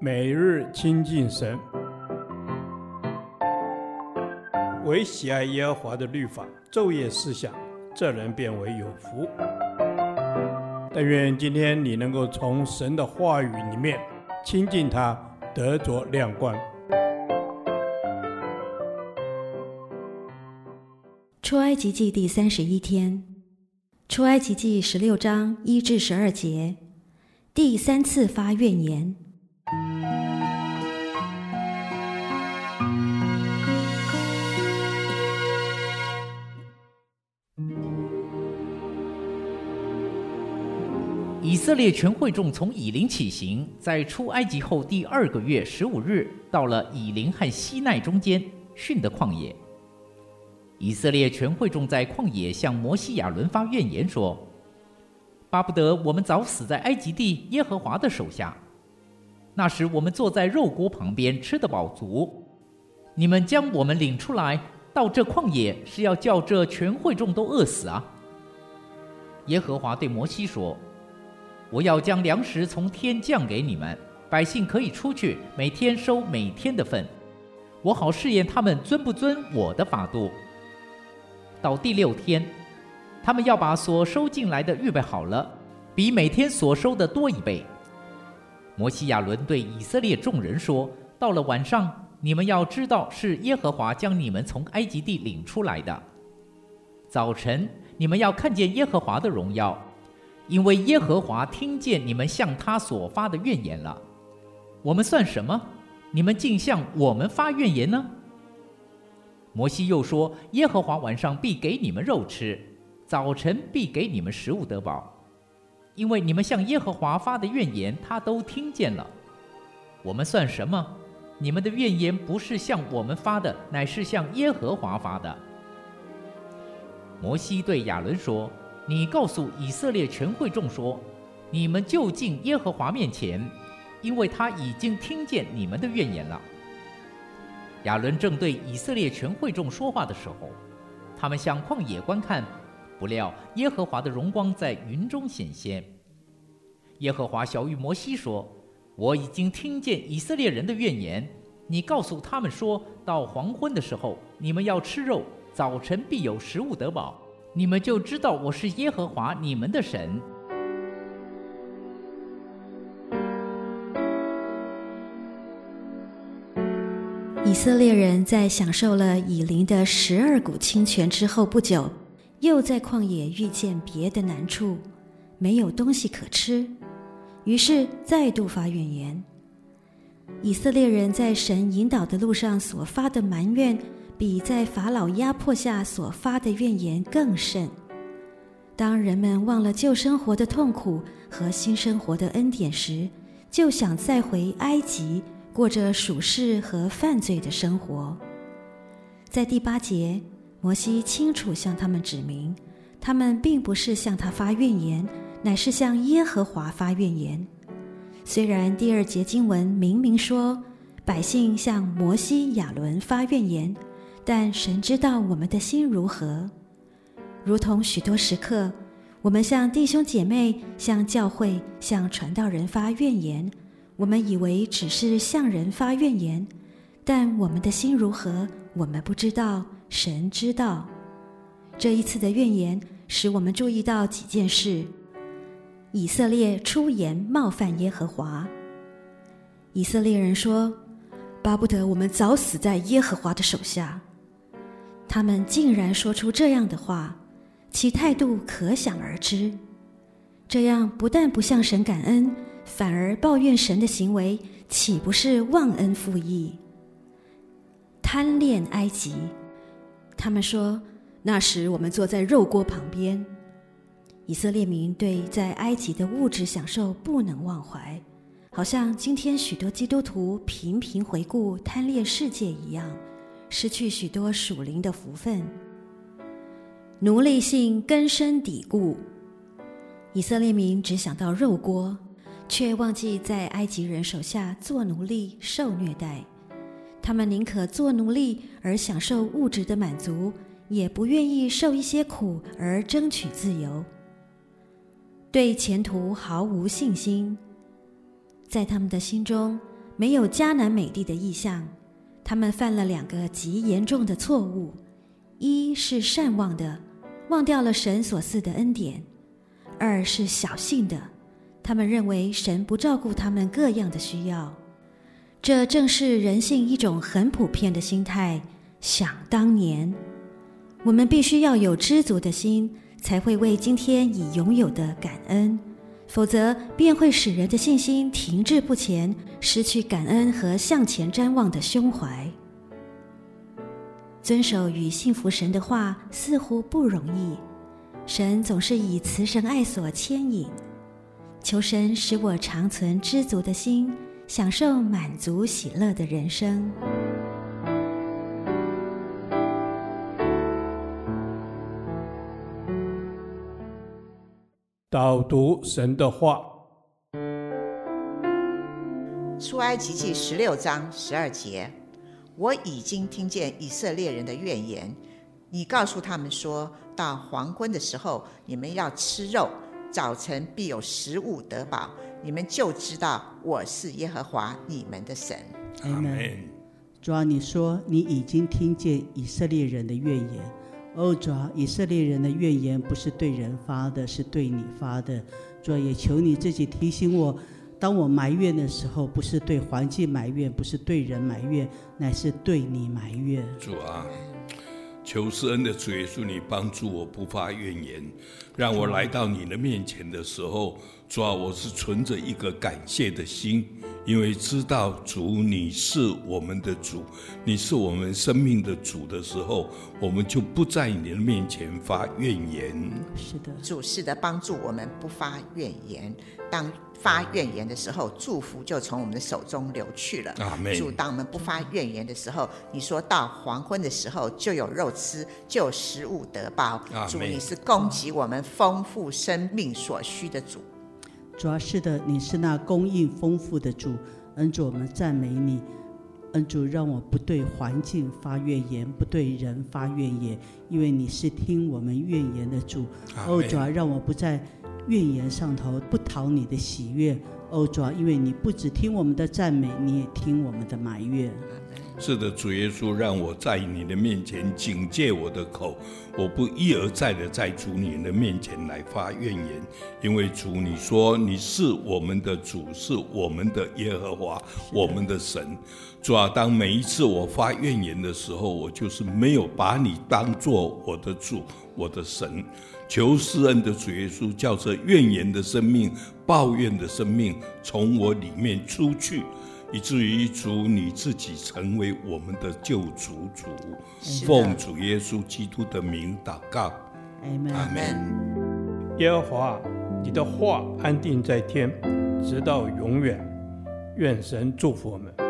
每日親近神，唯喜愛耶和華的律法，晝夜思想，這人便為有福。但願今天你能夠從神的話語裡面親近他，得着亮光。出埃及記第三十一天，出埃及記十六章一至十二節，第三次發怨言。以色列全會眾從以琳起行，在出埃及後第二個月十五日，到了以琳和西奈中間汛的曠野。以色列全會眾在曠野向摩西亞倫發怨言說：“巴不得我們早死在埃及地耶和華的手下，那時我們坐在肉鍋旁邊吃得飽足。你們將我們領出來到這曠野，是要叫這全會眾都餓死啊？”耶和華對摩西說。我要將糧食從天降給你們，百姓可以出去，每天收每天的份，我好試驗他們遵不遵我的法度。到第六天，他們要把所收進來的預備好了，比每天所收的多一倍。摩西亞倫對以色列眾人說：“到了晚上，你們要知道是耶和華將你們從埃及地領出來的；早晨，你們要看見耶和華的榮耀。”因為耶和華聽見你們向他所發的怨言了，我們算什麼？你們竟向我們發怨言呢？摩西又說：耶和華晚上必給你們肉吃，早晨必給你們食物得飽。因為你們向耶和華發的怨言，他都聽見了。我們算什麼？你們的怨言不是向我們發的，乃是向耶和華發的。摩西對亞倫說：你告訴以色列全會眾說：“你們就近耶和華面前，因為他已經聽見你們的怨言了。”亞倫正對以色列全會眾說話的時候，他們向曠野觀看，不料耶和華的榮光在雲中顯現。耶和華曉諭摩西說：“我已經聽見以色列人的怨言，你告訴他們說：到黃昏的時候，你們要吃肉；早晨必有食物得飽。”你們就知道我是耶和華，你們的神。以色列人在享受了以琳的十二股清泉之後不久，又在曠野遇見別的難處，沒有東西可吃，於是再度發怨言。以色列人在神引導的路上所發的埋怨，比在法老壓迫下所發的怨言更甚。當人們忘了舊生活的痛苦和新生活的恩典時，就想再回埃及，過着屬世和犯罪的生活。在第八節，摩西清楚向他們指明，他們並不是向他發怨言，乃是向耶和華發怨言。雖然第二節經文明明說，百姓向摩西、亞倫發怨言。但神知道我們的心如何，如同許多時刻，我們向弟兄姐妹、向教會、向傳道人發怨言，我們以為只是向人發怨言，但我們的心如何，我們不知道。神知道。這一次的怨言使我們注意到幾件事：以色列出言冒犯耶和華，以色列人說，巴不得我們早死在耶和華的手下。他們竟然說出這樣的話，其態度可想而知。這樣不但不向神感恩，反而抱怨神的行為，豈不是忘恩負義、貪戀埃及？他們說：“那時我們坐在肉鍋旁邊，以色列民對在埃及的物質享受不能忘懷，好像今天許多基督徒頻頻回顧貪戀世界一樣。”失去許多屬靈的福分，奴隸性根深蒂固。以色列民只想到肉鍋，卻忘記在埃及人手下做奴隸受虐待。他們寧可做奴隸而享受物質的滿足，也不願意受一些苦而爭取自由。對前途毫無信心，在他們的心中沒有迦南美地的意象。他們犯了兩個極嚴重的錯誤：一是善忘的，忘掉了神所賜的恩典；二是小信的，他們認為神不照顧他們各樣的需要。這正是人性一種很普遍的心態。想當年，我們必須要有知足的心，才會為今天已擁有的感恩。否則便會使人的信心停滯不前，失去感恩和向前瞻望的胸懷。遵守與幸福神的話似乎不容易，神總是以慈神愛所牽引。求神使我常存知足的心，享受滿足喜樂的人生。導讀神的話，《出埃及記》十六章十二節：“我已經聽見以色列人的怨言，你告訴他們說，到黃昏的時候你們要吃肉，早晨必有食物得飽，你們就知道我是耶和華你們的神。”阿門。主啊，你說你已經聽見以色列人的怨言。哦，主啊！以色列人的怨言不是對人發的，是對你發的。主啊，也求你自己提醒我，當我埋怨的時候，不是對環境埋怨，不是對人埋怨，乃是對你埋怨。主啊！求施恩的主耶穌，你幫助我不發怨言，讓我來到你的面前的時候，主啊，我是存着一個感謝的心，因為知道主你是我們的主，你是我們生命的主的時候，我們就不在你的面前發怨言。是的，主是的幫助我們不發怨言。當。發怨言的時候，祝福就從我們的手中流去了。主，當我們不發怨言的時候，你說到黃昏的時候就有肉吃，就有食物得飽。Amen. 主，你是供給我們豐富生命所需的主。主啊，是的，你是那供應豐富的主，恩主，我們讚美你。恩主，讓我不對環境發怨言，不對人發怨言，因為你是聽我們怨言的主。Amen. 哦，主啊，讓我不再。怨言上頭，不討你的喜悅。哦，主啊，因為你不只聽我們的讚美，你也聽我們的埋怨。是的，主耶穌，讓我在你的面前警戒我的口，我不一而再的在主你的面前來發怨言，因為主，你說你是我們的主，是我們的耶和華，我們的神。主啊，當每一次我發怨言的時候，我就是沒有把你當作我的主，我的神。求施恩的主耶穌，叫這怨言的生命、抱怨的生命，從我裡面出去。以至於主你自己成為我們的救主，主，主奉主耶穌基督的名禱告，阿門。Amen. Amen. 耶和華，你的話安定在天，直到永遠。願神祝福我們。